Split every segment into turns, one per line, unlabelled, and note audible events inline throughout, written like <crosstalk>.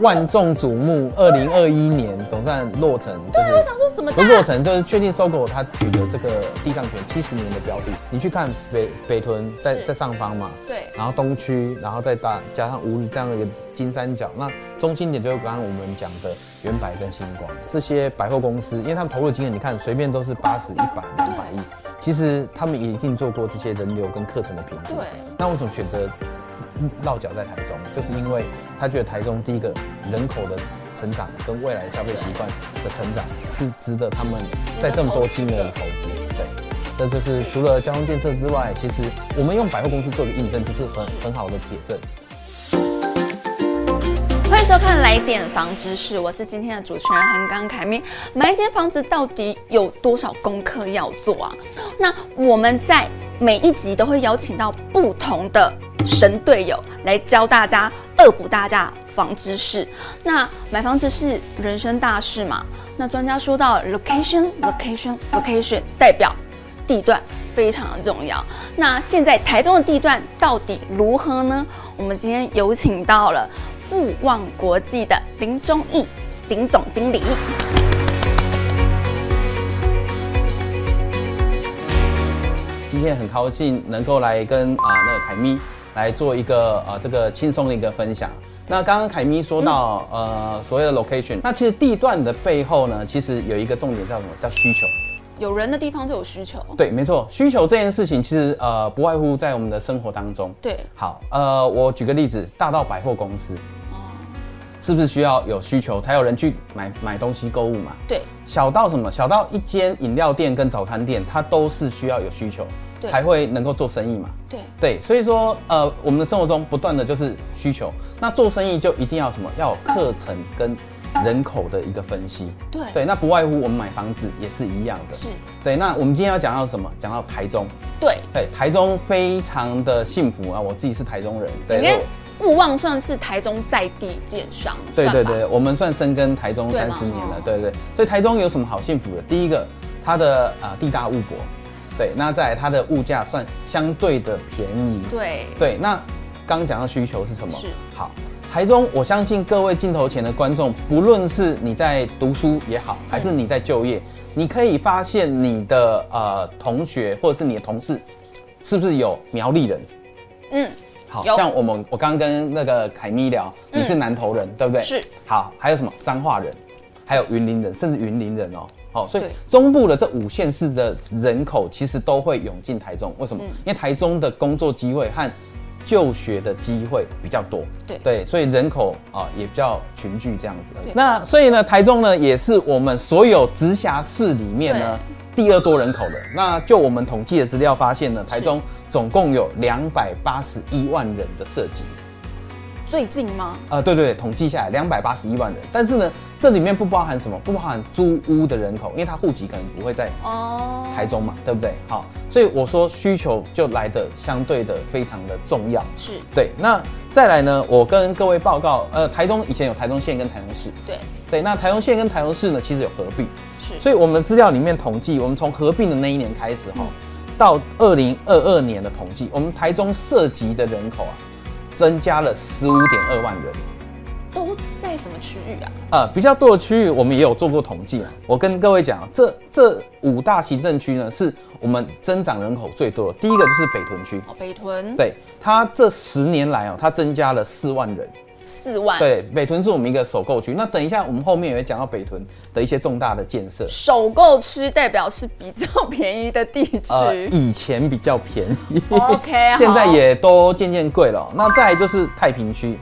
萬眾矚目，二零二一年總算落成，就是。對，我
想說怎麼？落
成就是確定 SOGO 它取得這個地上權七十年的標的。你去看北北屯在在上方嘛？對。然後東區，然後再加加上五里這樣的一個金三角，那中心點就是剛剛我們講的遠百跟新光這些百貨公司，因為他們投入的金額你看隨便都是八十一百兩百億，其實他們已經做過這些人流跟客層的評估。對。那為什麼選擇？落腳在台中，就是因為他覺得台中第一個人口的成長跟未來消費習慣的成長是值得他們在這麼多金額的投資。對，這就是除了交通建設之外，其實我們用百貨公司做的印證，就是很很好的鐵證。
歡迎收看《來點房知識》，我是今天的主持人橫綱凱咪。買一間房子到底有多少功課要做啊？那我們在每一集都會邀請到不同的。神隊友來教大家，惡補大家房知識。那買房子是人生大事嘛？那專家說到，location，location，location，location, location, 代表地段非常重要。那現在台中的地段到底如何呢？我們今天有請到了富旺國際的林宗毅林總經理。
今天很高興能夠來跟啊那個凱咪來做一個呃這個輕鬆的一個分享。那剛剛凱咪說到、嗯、呃所謂的 location，那其實地段的背後呢，其實有一個重點叫什麼？叫需求。
有人的地方就有需求。
對，沒錯，需求這件事情其實呃不外乎在我們的生活當中。對。好，呃，我舉個例子，大到百貨公司，嗯、是不是需要有需求才有人去買買東西購物嘛？對。小到什麼？小到一間飲料店跟早餐店，它都是需要有需求。才會能夠做生意嘛？對對，所以說呃，我們的生活中不斷的就是需求，那做生意就一定要什麼？要有課程跟人口的一個分析。對對，那不外乎我們買房子也是一樣的。是。對，那我們今天要講到什麼？講到台中。對對，台中非常的幸福啊！我自己是台中人。對，你看
富旺算是台中在地建商。對對對對，
我們算深耕台中三十年了。對，對對。所以台中有什麼好幸福的？第一個，它的啊、呃、地大物博。對，那再來，它的物價算相對的便宜。對對，那剛剛講到需求是什麼？是好，台中，我相信各位鏡頭前的觀眾，不論是你在讀書也好，還是你在就業，嗯、你可以發現你的呃同學或者是你的同事，是不是有苗栗人？嗯，
好像我
們我剛剛跟那個凱咪聊，你是南投人、嗯，對不對？是。好，還有什麼彰化人，還有雲林人，甚至雲林人哦。好、哦，所以中部的這五縣市的人口其實都會湧進台中，為什麼、嗯？因為台中的工作機會和就學的機會比較多，對，對所以人口啊、哦、也比較群聚這樣子。那所以呢，台中呢也是我們所有直轄市裡面呢第二多人口的。那就我們統計的資料發現呢，台中總共有兩百八十一萬人的設籍。
最近嗎？
啊、呃，對，對對，統計下來兩百八十一萬人。但是呢，這裡面不包含什麼？不包含租屋的人口，因為他戶籍可能不會在哦台中嘛，oh. 對不對？好、哦，所以我說需求就來得相對的非常的重要。是對。那再來呢，我跟各位報告，呃，台中以前有台中縣跟台中市。對對，那台中縣跟台中市呢，其實有合併。是，所以我們的資料裡面統計，我們從合併的那一年開始哈、哦嗯，到二零二二年的統計，我們台中涉及的人口啊，增加了十五點二萬人，
都在什麼區域啊？
呃，比較多的區域我們也有做過統計。我跟各位講，這這五大行政區呢，是我們增長人口最多的。第一個就是北屯區，哦，
北屯，對，
它這十年來哦，它增加了四萬人。四萬對，北屯是我們一個首購區，那等一下我們後面也會講到北屯的一些重大的建設。
首購區代表是比較便宜的地區，呃、以
前比較便宜 <laughs>
，OK 啊，現在也
都漸漸貴了。那再來就是太平區，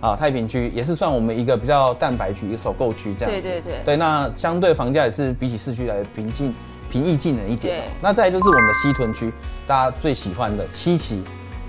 啊、呃，太平區也是算我們一個比較蛋白區，一個首購區這樣子。對對對，對，那相對房價也是比起市區來平靜平易近人一點。那再來就是我們的西屯區，大家最喜歡的七期。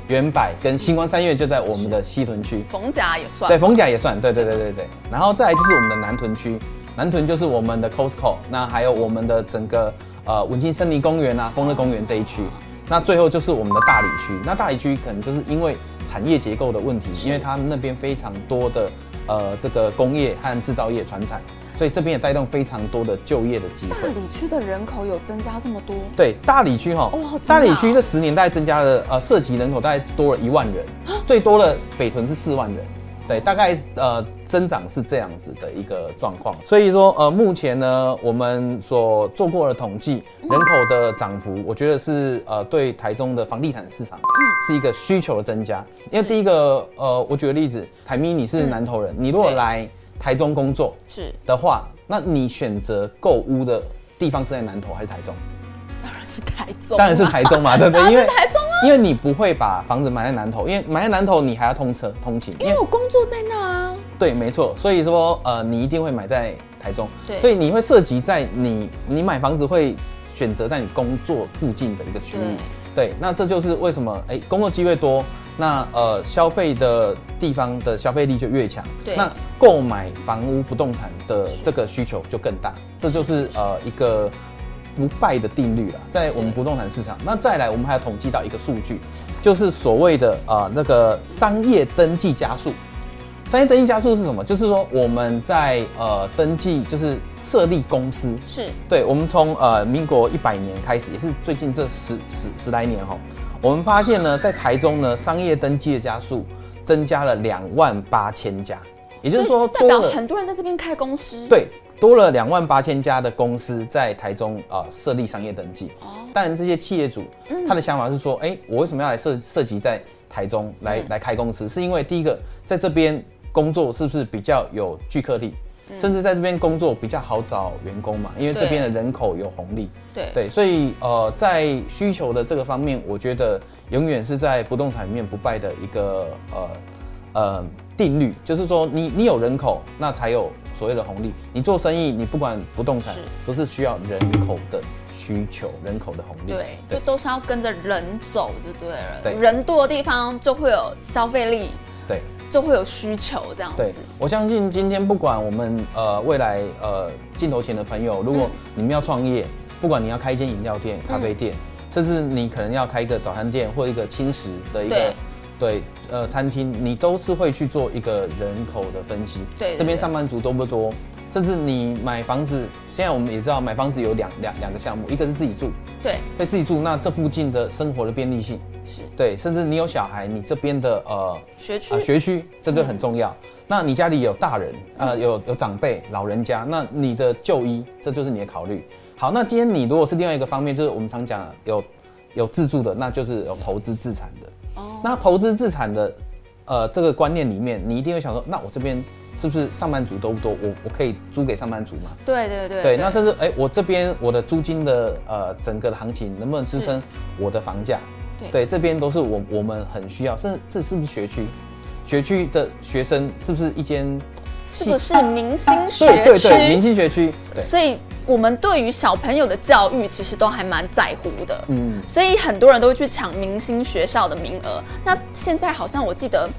遠百跟新光三越就在我們的西屯區，
逢甲,甲也算，對，逢
甲也算，對對對對對。然後再來就是我們的南屯區，南屯就是我們的 Costco，那還有我們的整個呃文心森林公園啊，豐樂公園這一區，那最後就是我們的大里區，那大里區可能就是因為產業結構的問題，因為他們那邊非常多的呃這個工業和制造業傳產。所以這邊也帶動非常多的就業的機會。
大里區的人口有增加這麼多？
對，大里區哈、哦，oh, 大里區這十年大概增加了，呃，設籍人口大概多了一萬人、啊，最多的北屯是四萬人，對，大概呃增長是這樣子的一個狀況。所以說，呃，目前呢，我們所做過的統計，人口的漲幅，我覺得是呃對台中的房地產市場是一個需求的增加。因為第一個，呃，我舉個例子，凱咪你是南投人，嗯、你如果來。台中工作是的話是，那你選擇購屋的地方是在南投還是台中？
當然是台中、啊，當然是台中嘛，對不對、啊？因為台中
啊，因為你不會把房子買在南投，因為買在南投你還要通車通勤。因為我
工作在那
啊。對，沒錯，所以說呃，你一定會買在台中。對，所以你會涉及在你你買房子會選擇在你工作附近的一個區域。對，那這就是為什麼哎、欸，工作機會多，那呃消費的地方的消費力就越強，那購買房屋不動產的這個需求就更大，這就是呃一個不敗的定律了，在我們不動產市場。那再來，我們還要統計到一個數據，就是所謂的呃那個商業登記加速。商業登記家數是什麼？就是說我們在呃登記，就是設立公司是對。我們從呃民國一百年開始，也是最近這十十十來年哈，我們發現呢，在台中呢，商業登記的家數增加了兩萬八千家，也就是說多了，代表很
多人在這邊開公司。對，
多了兩萬八千家的公司在台中啊，設、呃、立商業登記。哦，但這些企業主、嗯、他的想法是說，哎、欸，我為什麼要來設涉及在台中來、嗯、來開公司？是因為第一個在這邊。工作是不是比較有聚客力，嗯？甚至在這邊工作比較好找員工嘛？因為這邊的人口有紅利。對對，對，所以呃，在需求的這個方面，我覺得永遠是在不動產裡面不敗的一個呃呃定律，就是說你你有人口，那才有所謂的紅利。你做生意，你不管不動產，都是需要人口的需求，人口的紅利。對，
對，就都是要跟着人走就對了對。人多的地方就會有消費力。對，就會有需求這樣子。
對我相信，今天不管我們呃未來呃鏡頭前的朋友，如果你們要創業、嗯，不管你要開一間飲料店、咖啡店、嗯，甚至你可能要開一個早餐店或一個輕食的一個，對，對呃，餐廳，你都是會去做一個人口的分析。對，對，對，這邊上班族多不多？甚至你買房子，現在我們也知道買房子有兩兩兩個項目，一個是自己住，
對，可以
自己住，那這附近的生活的便利性。對，甚至你有小孩，你這邊的呃學區，學區、呃、這就很重要，嗯。那你家裡有大人，呃，嗯、有有長輩、老人家，那你的就醫，這就是你的考慮。好，那今天你如果是另外一個方面，就是我們常講有有自住的，那就是有投資自產的。哦。那投資自產的，呃，這個觀念裡面，你一定會想說，那我這邊是不是上班族多不多？我我可以租給上班族嗎？
對對對。對，
那甚至哎，我這邊我的租金的呃整個的行情能不能支撐我的房價？對，對，這邊都是我們我們很需要，是是不是學區？學區的學生是不是一間？是不是
明星學區？啊、對對，對明
星學區。對所以，
我們對於小朋友的教育其實都還蠻在乎的。嗯，所以很多人都會去搶明星學校的名額。那現在好像我記得。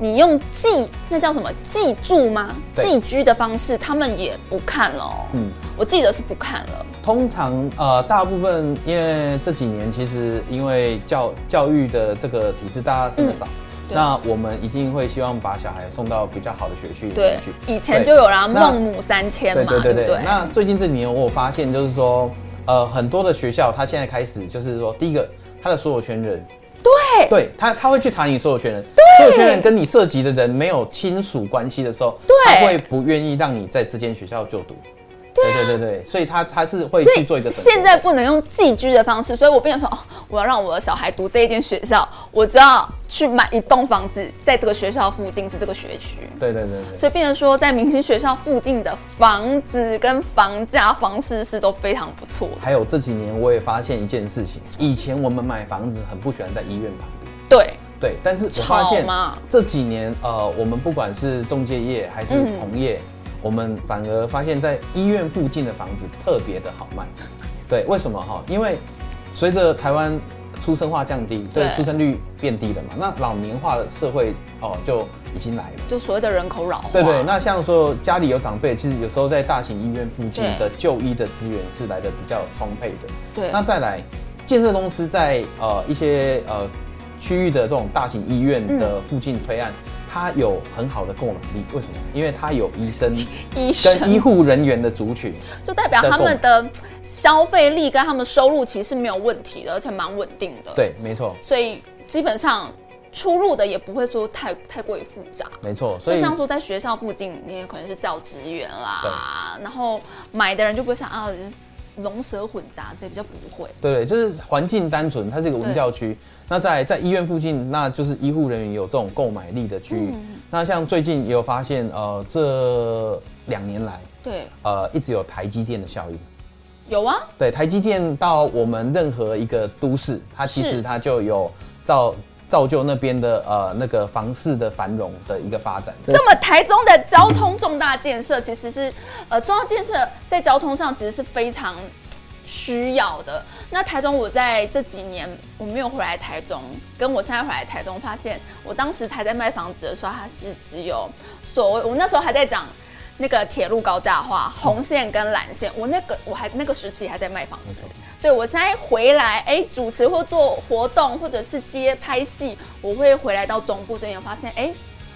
你用寄，那叫什麼寄住嗎？寄居的方式，他們也不看了、喔。嗯，我記得是不看了。
通常呃，大部分因為這幾年其實因為教教育的這個體制，大家生的少、嗯，那我們一定會希望把小孩送到比較好的學區裡面去。以前就有然後孟
母三遷嘛，對對對，對，對，對，對，對。那
最近這幾年我有發現，就是說呃，很多的學校，他現在開始就是說，第一個他的所有權人，對，對他他會去查你所有權人對，所有權人跟你涉及的人沒有親屬關係的時候，對他會不願意讓你在這間學校就讀對、啊。對對對對，所以他他是會去做一個，個人。現在
不能用寄居的方式，所以我變成哦。我要讓我的小孩讀這一間學校，我就要去買一棟房子，在這個學校附近，是這個學區。對對對，對。所以，變成說，在明星學校附近的房子跟房價、房市是都非常不錯。
還有這幾年，我也發現一件事情，以前我們買房子很不喜歡在醫院旁邊。對對，但是我發現這幾年，呃，我們不管是仲介業還是同業，嗯、我們反而發現，在醫院附近的房子特別的好賣。對，為什麼齁？因為。隨着台灣出生化降低，對出生率變低了嘛？那老年化的社會哦、呃，就已經來了，
就所謂的人口老化。對，
對對，那像說家裡有長輩，其實有時候在大型醫院附近的就醫的資源是來得比較充沛的。對，那再來建設公司在呃一些呃區域的這種大型醫院的附近推案。嗯他有很好的購買力，為什麼？因為他有醫生、醫生，醫護人員的族群的，
就代表他們的消費力跟他們收入其實是沒有問題的，而且蠻穩定的。
對，沒錯。所
以基本上出入的也不會說太太過於複雜。
沒錯，所以像說
在學校附近，你也可能是教職員啦，對，然後買的人就不會想啊。龍蛇混雜，這比較不會。對，
對、對，就是環境單純，它是一個文教區。那在在醫院附近，那就是醫護人員有這種購買力的區域，嗯。那像最近也有發現，呃，這兩年來，對，呃，一直有台積電的效應。有啊，對，台積電到我們任何一個都市，它其實它就有造。造就那邊的呃那個房市的繁榮的一個發展。那
麼台中的交通重大建設，其實是呃重要建設在交通上，其實是非常需要的。那台中我在這幾年我沒有回來台中，跟我現在回來台中發現，我當時還在賣房子的時候，它是只有所謂我那時候還在講。那個鐵路高架化，紅線跟藍線，我那個我還那個時期還在賣房子，對我現在回來，哎、欸，主持或做活動，或者是接拍戲，我會回來到中部這邊，然後發現哎、欸，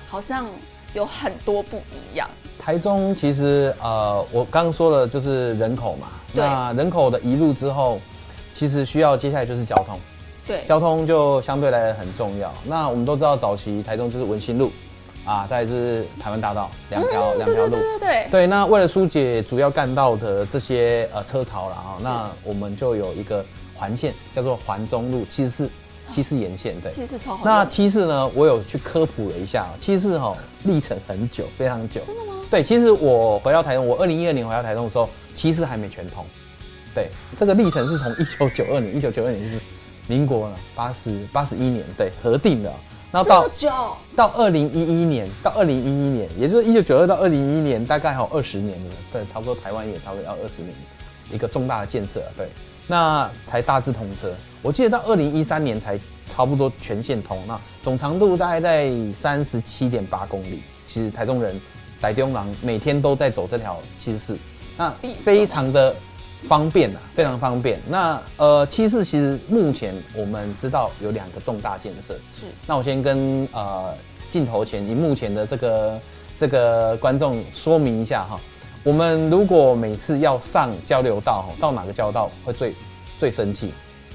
好像有很多不一樣。
台中其實呃，我剛剛說了就是人口嘛，那人口的移入之後，其實需要接下來就是交通，對，交通就相對來很重要。那我們都知道早期台中就是文心路。啊，再就是台灣大道兩條兩條路，對對，對，對，對，對，對，那為了疏解主要幹道的這些呃車潮了哈、喔，那我們就有一個環線，叫做環中路，其實是七四沿線，對。啊、七四超好，那七四呢，我有去科普了一下、喔，七四哈、喔、歷程很久，非常久。真的嗎？對，其實我回到台中，我二零一二年回到台中的時候，七四還沒全通。對，這個歷程是從一九九二年，一九九二年就是民國八十八十一年，對，核定的。然後到到二零一一年，到二零一一年，也就是一九九二到二零一一年，大概還有二十年了，對，差不多台灣也差不多要二十年一個重大的建設，對，那才大致通車。我記得到二零一三年才差不多全線通，那總長度大概在三十七點八公里。其實台中人、台中狼每天都在走這條七十四，那非常的。方便啊，非常方便。那呃，七四其實目前我們知道有兩個重大建設。是。那我先跟呃鏡頭前、你目前的這個這個觀眾說明一下哈。我們如果每次要上交流道，到哪個交道會最最生氣？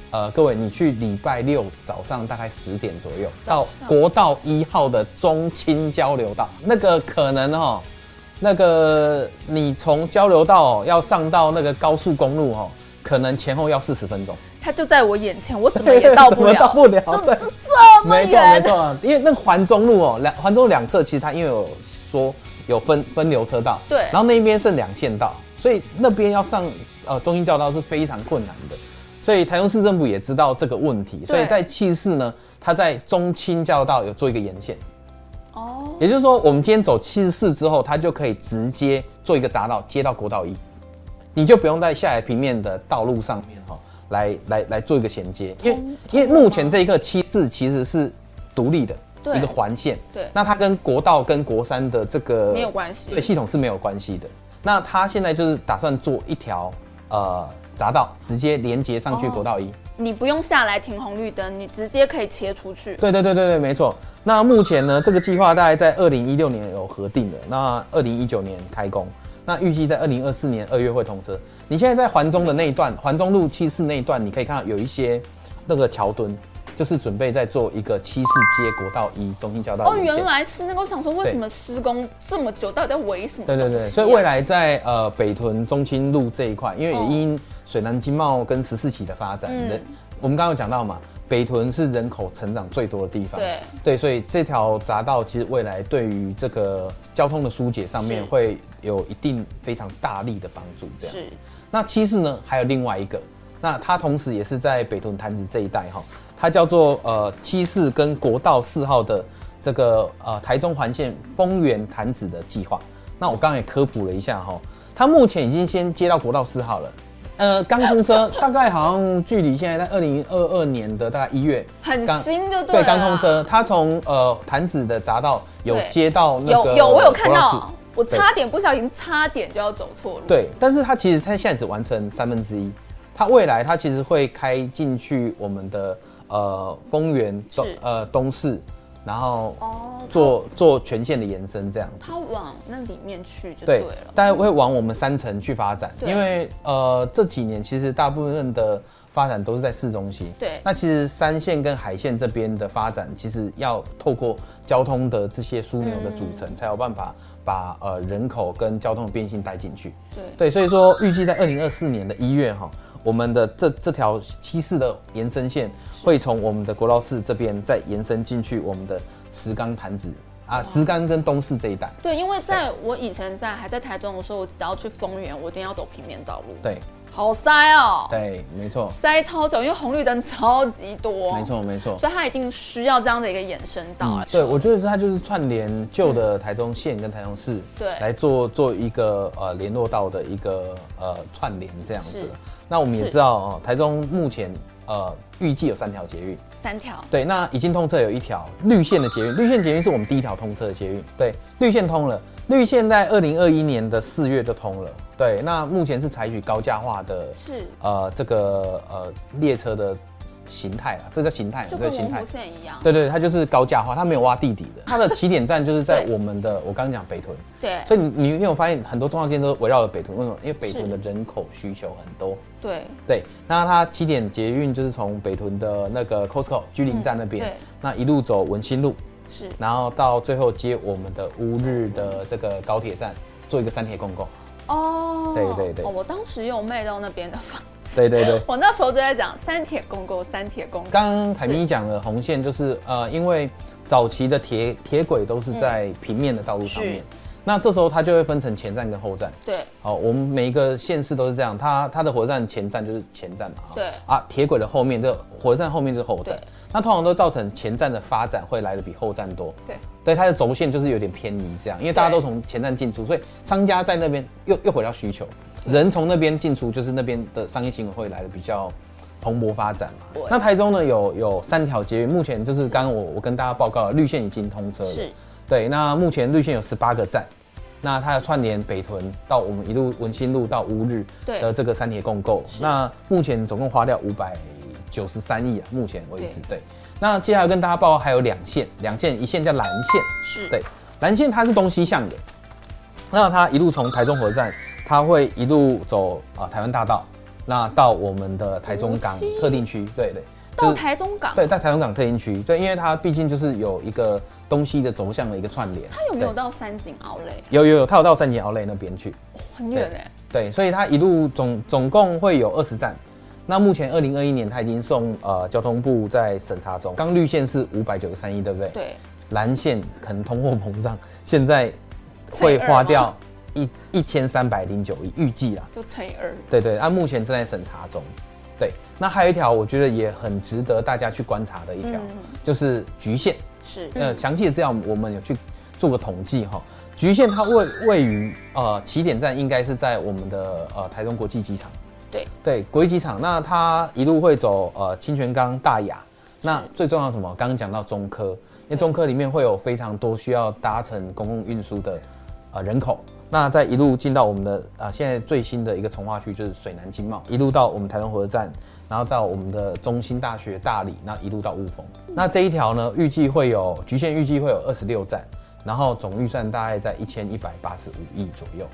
呃，各位，你去禮拜六早上大概十點左右到國道一號的中清交流道，那個可能哈。那個你從交流道要上到那個高速公路喔，可能前後要四十分鐘。
它就在我眼前，我怎麼也到不了。真的是這麼遠。沒錯沒錯
啊，因為那環中路喔，兩環中路兩側其實它因為有說有分分流車道，對，然後那一邊是兩線道，所以那邊要上呃中興交流道是非常困難的。所以台中市政府也知道這個問題，所以在氣勢呢，它在中興交流道有做一個沿線。哦，也就是說，我們今天走七十四之後，它就可以直接做一個匝道，接到國道一，你就不用在下海平面的道路上面哈、喔，來來來做一個銜接，因為因為目前這一個七四其實是獨立的一個環線，對，那它跟國道跟國三的這個沒有關係，對，系統是沒有關係的。那它現在就是打算做一條呃匝道，直接連接上去國道一。Oh.
你不用下來停紅綠燈，你直接可以切出去。對對
對對對，沒錯。那目前呢，這個計劃大概在二零一六年有核定的，那二零一九年開工，那預計在二零二四年二月會通車。你現在在環中的那一段，環中路七四那一段，你可以看到有一些那個橋墩，就是準備在做一個七四街國道一中心交道。哦，原來
是那個，我想說為什麼施工這麼久，到底在圍什
麼啊？對對對。所以未來在呃北屯中心路這一塊，因為也因。哦水南經貿跟十四期的發展，嗯，我們剛剛有講到嘛，北屯是人口成長最多的地方，對，對，所以這條匝道其實未來對於這個交通的疏解上面會有一定非常大力的幫助。這樣，是。那七四呢，還有另外一個，那它同時也是在北屯潭子這一帶哈，它叫做呃七四跟國道四號的這個呃台中環線豐原潭子的計劃。那我剛剛也科普了一下哈，它目前已經先接到國道四號了。呃，剛通車， <laughs> 大概好像距離現在在二零二二年的大概一月，
很新就對了剛、啊、通車，
它從呃潭子的匝道有接到那個。有有，我有看到，
我差點不小心，差點就要走錯路。
對，但是它其實它現在只完成三分之一，它未來它其實會開進去我們的呃豐原東呃東勢。然後做、哦、做全線的延伸，這樣子
它往那裡面去
就對了。大概會往我們山城去發展，嗯、因為呃這幾年其實大部分的發展都是在市中心。對，那其實山線跟海線這邊的發展，其實要透過交通的這些樞紐的組成、嗯，才有辦法把呃人口跟交通的變性帶進去。對對，所以說預計在二零二四年的一月哈。我們的這這條七四的延伸線會從我們的國道四這邊再延伸進去我們的石岡潭子啊，石岡跟東勢這一帶。
對，因為在我以前在還在台中的時候，我只要去豐原，我一定要走平面道路。對。好塞哦，
對，沒錯，
塞超久，因為紅綠燈超級多，沒錯沒錯，所以它一定需要這樣的一個延伸道、嗯。對，
我覺得它就是串聯舊的台中縣跟台中市，對，來做做一個呃聯絡道的一個呃串聯這樣子。那我們也知道，喔、台中目前呃預計有三條捷運，三條，對，那已經通車有一條綠線的捷運，綠線捷運是我們第一條通車的捷運，對，綠線通了。綠線在二零二一年的四月就通了，對，那目前是採取高架化的，是呃這個呃列車的形態啊，這叫形態，這跟文湖線一樣，對對，它就是高架化，它沒有挖地底的，它的起點站就是在我們的， <laughs> 我剛剛講北屯，對，所以你你有沒有發現很多重要建設都圍繞着北屯，為什麼？因為北屯的人口需求很多，對對，那它起點捷運就是從北屯的那個 Costco 居林站那邊、嗯，那一路走文心路。是，然後到最後接我們的烏日的這個高鐵站，做一個三鐵共構。
哦，對對對，哦、我當時有賣掉那邊的房
子。對對對，我
那時候就在講三鐵共構，三鐵共構。
剛剛凱咪講的紅線就是，是呃，因為早期的鐵鐵軌都是在平面的道路上面。嗯那這時候它就會分成前站跟後站。對。好、哦，我們每一個縣市都是這樣，它它的火車站前站就是前站嘛。對。啊，鐵軌的後面，這火車站後面就是後站。對。那通常都造成前站的發展會來得比後站多。對。對，它的軸線就是有點偏離，這樣，因為大家都從前站進出，所以商家在那邊又又回到需求，人從那邊進出，就是那邊的商業行為會來得比較蓬勃發展嘛。那台中呢，有有三條捷運，目前就是剛剛我我跟大家報告了，綠線已經通車了。是。對，那目前綠線有十八個站。那它要串聯北屯到我們一路文心路到烏日的這個三鐵共構那目前總共花掉五百九十三億啊，目前為止。對，對那接下來跟大家報告還有兩線，兩線一線叫藍線，是對，藍線它是東西向的，那它一路從台中火車站，它會一路走啊、呃、台灣大道，那到我們的台中港特定區、嗯，對對,對、就是，到台
中港，對，到
台中港特定區、嗯，對，因為它畢竟就是有一個。東西的軸向的一個串聯，它有沒有
到三井奧萊？
啊？有有有，它有到三井奧萊那邊去，
很遠哎、
欸。對，所以它一路總總共會有二十站。那目前二零二一年，它已經送呃交通部，在審查中。剛綠線是五百九十三億，對不對？對。藍線可能通貨膨脹，現在
會花掉
1, 1, 一一千三百零九億，預計啊。就乘以二。對對、對，它目前正在審查中。對，那還有一條，我覺得也很值得大家去觀察的一條、嗯，就是橘線。是，呃、嗯，詳細的這樣，我們有去做個統計哈、哦，局限它位位於呃起點站應該是在我們的呃台中國際機場，對對，國際機場，那它一路會走呃清泉崗、大雅，那最重要的是什麼？剛剛講到中科，因為中科裡面會有非常多需要搭乘公共運輸的呃人口，那再一路進到我們的啊、呃、現在最新的一個重劃區就是水湳經貿，一路到我們台中火車站。然後到我們的中興大學、大理，那一路到霧峰，那這一條呢，預計會有，局限，預計會有二十六站，然後總預算大概在一千一百八十五億左右，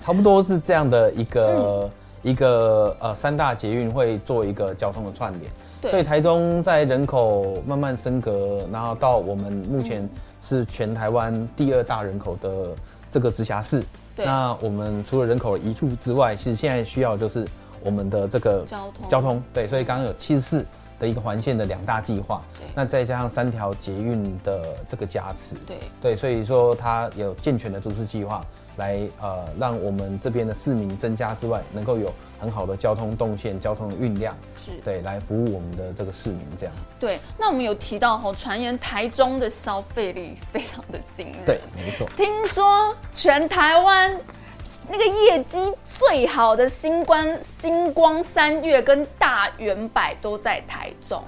差不多是這樣的一個、嗯、一個呃三大捷運會做一個交通的串聯。對，所以台中在人口慢慢升格，然後到我們目前是全台灣第二大人口的這個直轄市，那我們除了人口移入之外，其實現在需要的就是。我們的這個交通、交通對，所以剛剛有七十四的一個環線的兩大計劃，對，那再加上三條捷運的這個加持，對對，所以說它有健全的都市計劃來呃，讓我們這邊的市民增加之外，能夠有很好的交通動線、交通的運量，是，對，來服務我們的這個市民這樣子。
對，那我們有提到哦，傳言台中的消費力非常的驚人，對，沒錯，聽說全台灣。那個業績最好的新光、新光三越跟大遠百，都在台中，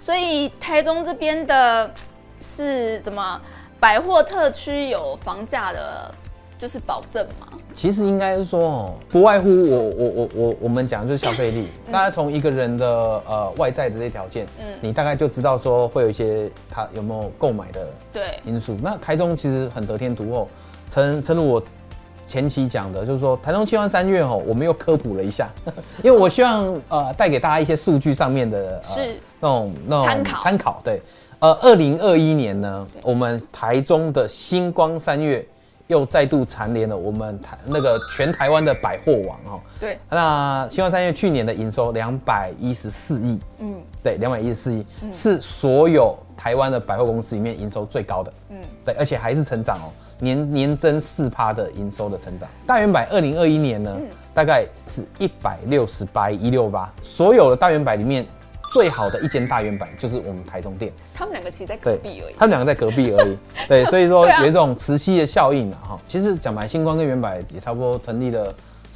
所以台中這邊的是怎麼百貨特區有房價的，就是保證
嘛？其實應該是說哦，不外乎我、我、我、我，我們講的就是消費力、 <laughs> 嗯，大家從一個人的呃外在的這些條件，嗯，你大概就知道說會有一些他有沒有購買的對因素對。那台中其實很得天獨厚，誠誠如我。前期講的，就是說台中新光三越吼、喔，我們又科普了一下，因為我希望呃帶給大家一些數據上面的、呃，是那種那種參考、參考，對，呃，二零二一年呢，我們台中的新光三越又再度蟬聯了我們台那個全台灣的百貨王哦，對，那新光三越去年的營收兩百一十四億，嗯，對，兩百一十四億是所有台灣的百貨公司裡面營收最高的，嗯，對，而且還是成長哦、喔。年年增四趴的營收的成長，大遠百二零二一年呢，嗯，大概是一百六十八一六八。所有的大遠百裡面，最好的一間大遠百就是我們台中店。
他們兩個其實在隔壁而已。他們
兩個在隔壁而已。 <laughs> 對，所以說有一種磁吸的效應啊哈、 <laughs> 啊。其實講白，新光跟遠百也差不多成立了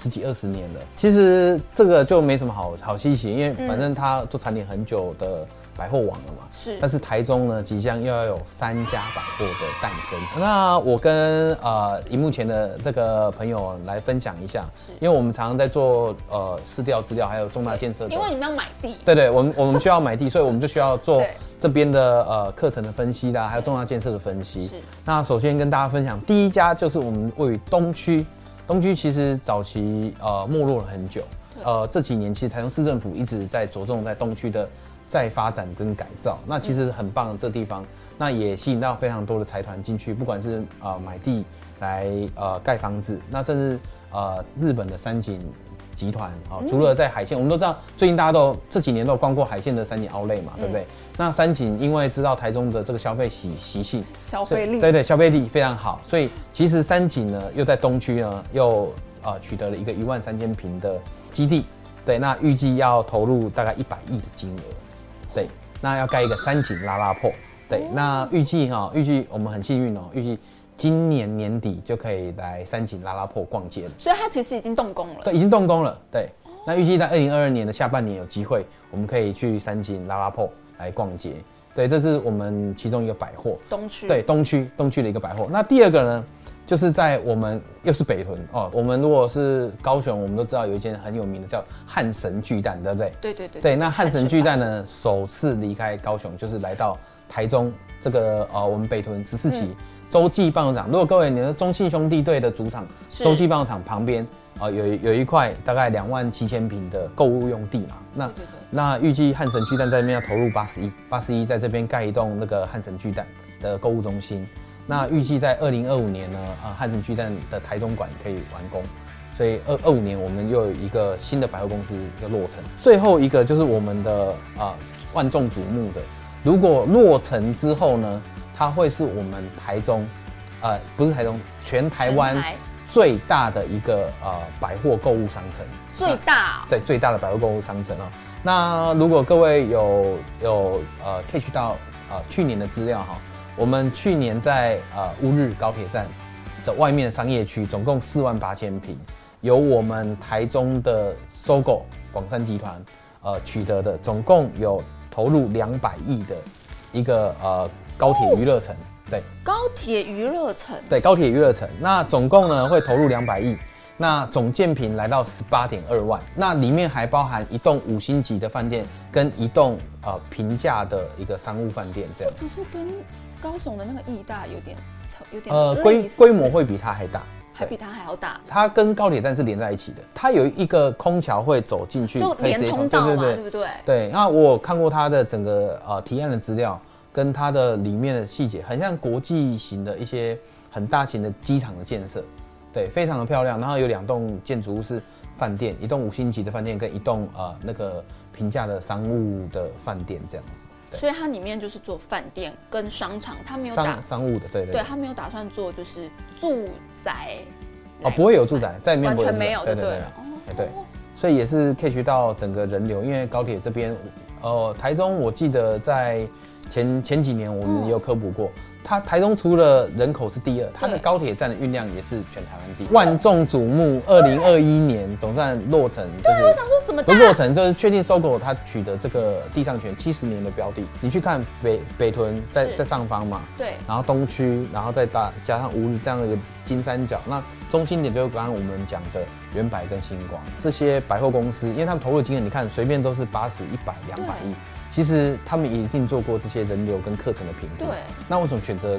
十幾二十年了。其實這個就沒什麼好好稀奇，因為反正他做產品很久的。嗯百貨網了嘛？是，但是台中呢，即將又要有三家百貨的誕生。那我跟呃，熒幕前的這個朋友來分享一下，是因為我們常常在做呃市調資料，還有重大建設。因為
你們要買地。對，
對對，我們我們需要買地， <laughs> 所以我們就需要做這邊的呃課程的分析啦，還有重大建設的分析。是。那首先跟大家分享，第一家就是我們位於東區，東區其實早期呃沒落了很久，呃這幾年其實台中市政府一直在着重在東區的。再發展跟改造，那其實很棒。這地方、嗯、那也吸引到非常多的財團進去，不管是呃買地來呃蓋房子，那甚至呃日本的三井集團啊、呃，除了在海線，嗯、我們都知道最近大家都這幾年都逛過海線的三井 Outlet 嘛，對不對？嗯、那三井因為知道台中的這個消費習習性，
消費力對，對
對，消費力非常好，所以其實三井呢又在東區呢又、呃、取得了一個一萬三千坪的基地，對，那預計要投入大概一百億的金額。對，那要蓋一個三井拉拉破。對，哦、那預計哈，預計我們很幸運哦、喔，預計今年年底就可以來三井拉拉破逛街了。
所以它其實已經動工了。對，已經
動工了。對，哦、那預計在二零二二年的下半年有機會，我們可以去三井拉拉破來逛街。對，這是我們其中一個百貨。東區。對，東區，東區的一個百貨。那第二個呢？就是在我們又是北屯哦，我們如果是高雄，我們都知道有一間很有名的叫漢神巨蛋，對不對？對對
對，對。對，對對對，那漢神
巨蛋呢，首次離開高雄，就是來到台中這個呃，我們北屯十四期洲際棒球場。如果各位你的中信兄弟隊的主場洲際棒球場旁邊啊、呃，有有一塊大概兩萬七千坪的購物用地嘛？那對對對，那預計漢神巨蛋在那邊要投入八十億八十億，在這邊蓋一棟那個漢神巨蛋的購物中心。那預計在二零二五年呢，呃，漢神巨蛋的台中館可以完工，所以二二五年我們又有一個新的百貨公司要落成。最後一個就是我們的啊、呃、萬眾矚目的，如果落成之後呢，它會是我們台中，呃，不是台中，全台灣最大的一個呃百貨購物商城。
最大、哦？
對，最大的百貨購物商城啊、哦。那如果各位有有呃 catch 到呃去年的資料哈、哦。我們去年在呃烏日高鐵站的外面商業區，總共四萬八千坪，由我們台中的 SOGO 廣山集團呃取得的，總共有投入兩百億的一個呃高鐵娛樂城。對，
高鐵娛樂城。
對，高鐵娛樂城。那總共呢會投入兩百億，那總建坪來到十八點二萬，那裡面還包含一棟五星級的飯店跟一棟呃平價的一個商務飯店，這樣。這
不是跟。高雄的那個義大有點，有點呃
規規模會比它還大，嗯、
還比它還要大。
它跟高鐵站是連在一起的，它有一個空橋會走進去，就連通道嘛，對不對,對,對,對,對？對。那我看過它的整個呃提案的資料，跟它的裡面的細節，很像國際型的一些很大型的機場的建設，對，非常的漂亮。然後有兩棟建築物是飯店，一棟五星級的飯店跟一棟呃那個平價的商務的飯店這樣子。
所以它裡面就是做飯店跟商場，它沒有打商
商務的，對對，對,對，它
沒有打算做就是住宅，
哦，不會有住宅在裡面完全沒有的，對對了、哦，對，所以也是 catch 到整個人流，因為高鐵這邊，呃，台中我記得在前前幾年我們也有科普過。哦它台中除了人口是第二，它的高鐵站的運量也是全台灣第一。萬眾矚目，二零二一年總算落成，就是。對，我
想說，怎麼落成？
就是確定收購它取得這個地上權七十年的標的。你去看北北屯，在在上方嘛，對，然後東區，然後再加加上烏日，這樣的一個金三角，那中心點就是剛剛我們講的遠百、跟新光這些百貨公司，因為他們投入金額，你看隨便都是八十一百兩百億。其實他們一定做過這些人流跟課程的評估。對。那為什麼選擇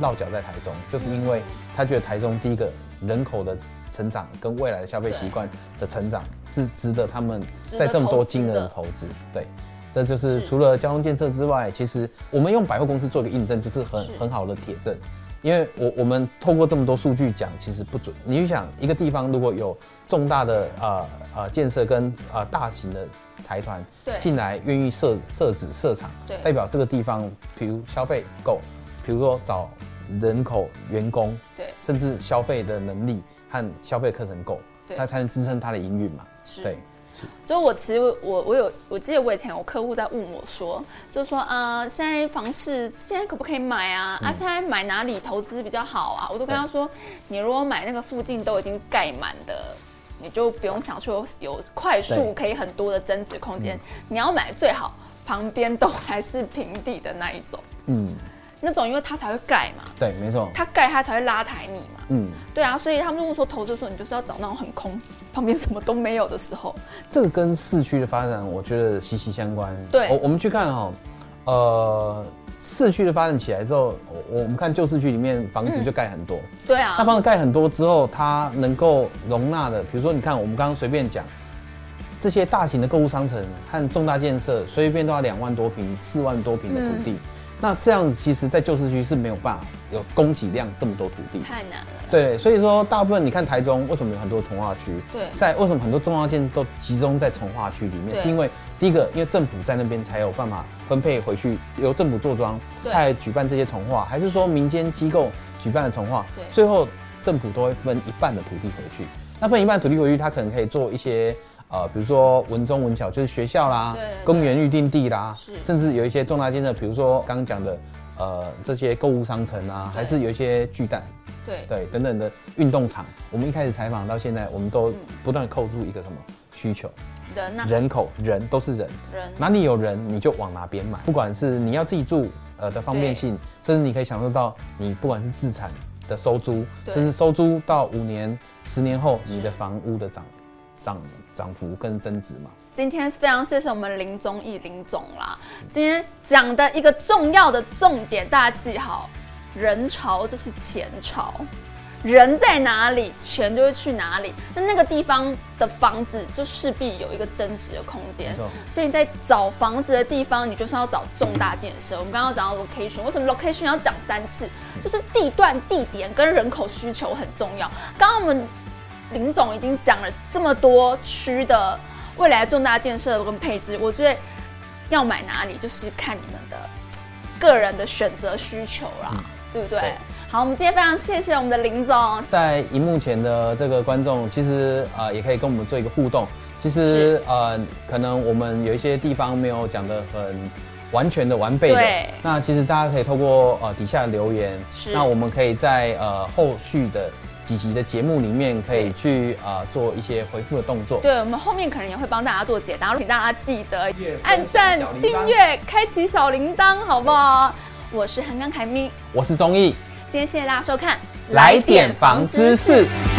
落腳在台中？就是因為他覺得台中第一個人口的成長跟未來的消費習慣的成長是值得他們在這麼多金額的投資。對。這就是除了交通建設之外，其實我們用百貨公司做一個印證，就是很是很好的鐵證。因為我我們透過這麼多數據講，其實不準。你就想一個地方如果有重大的啊啊、呃呃、建設跟啊、呃、大型的。財團進來願意設設置設廠，代表這個地方，比如消費夠，比如說找人口員工，對，甚至消費的能力和消費的課程夠，對，它才能支撐它的營運嘛。是，對，
所以我其實我我有，我記得我以前有客戶在問我說，就是說呃，現在房市現在可不可以買啊？嗯、啊，現在買哪裡投資比較好啊？我都跟他說、哦，你如果買那個附近都已經蓋滿的。你就不用想說有快速可以很多的增值空間，嗯，你要買最好旁邊都還是平地的那一種，嗯，那種因為它才會蓋嘛，
對，沒錯，它
蓋它才會拉抬你嘛，嗯，對啊，所以他們如果說投資的時候，你就是要找那種很空，旁邊什麼都沒有的時候，
這個跟市區的發展我覺得息息相關，對，我我們去看哈，喔。呃，市區的發展起來之後，我我們看舊市區裡面房子就蓋很多，嗯，對啊，那房子蓋很多之後，它能夠容納的，比如說，你看，我們剛剛隨便講，這些大型的購物商城和重大建設，隨便都要兩萬多坪，四萬多坪的土地。嗯那這樣子，其實，在舊市區是沒有辦法有供給量這麼多土地，太難了。對，對，所以說，大部分你看台中為什麼有很多重劃區？對，在為什麼很多重要建築都集中在重劃區裡面？是因為第一個，因為政府在那邊才有辦法分配回去，由政府做莊，來舉辦這些重劃，還是說民間機構舉辦的重劃？對，最後政府都會分一半的土地回去，那分一半土地回去，他可能可以做一些。呃，比如說文中文小就是學校啦，公園預定地啦，是，甚至有一些重大建設，比如說剛剛講的，呃，這些購物商城啊，還是有一些巨蛋，
對，對，
等等的運動場。我們一開始採訪到現在，我們都不斷扣住一個什麼需求？人、嗯、人口、人都是人，人哪裡有人你就往哪邊買。不管是你要自己住，呃的方便性，甚至你可以享受到你不管是自產的收租，甚至收租到五年、十年後你的房屋的漲漲，漲幅跟增值嘛。
今天非常謝謝我們林宗毅林總啦。今天講的一個重要的重點，大家記好：人潮就是錢潮，人在哪裡，錢就會去哪裡。那那個地方的房子就勢必有一個增值的空間。所以，你在找房子的地方，你就是要找重大建設。我們剛剛講到 location，為什麼 location 要講三次？就是地段、地點跟人口需求很重要。剛剛我們。林總已經講了這麼多區的未來的重大建設跟配置，我覺得要買哪裡就是看你們的個人的選擇需求啦，嗯，對不對？對。好，我們今天非常謝謝我們的林總。
在熒幕前的這個觀眾，其實呃也可以跟我們做一個互動。其實呃，可能我們有一些地方沒有講得很完全的完備的，對，那其實大家可以透過呃底下留言，是那我們可以在呃後續的。幾集的節目裡面可以去啊、呃、做一些回復的動作。對，
我們後面可能也會幫大家做解答，請大家記得按讚、訂閱、開啟小鈴鐺，好不好？我是橫綱凱咪，
我是宗毅，今
天謝謝大家收看
《來點房知識》知識。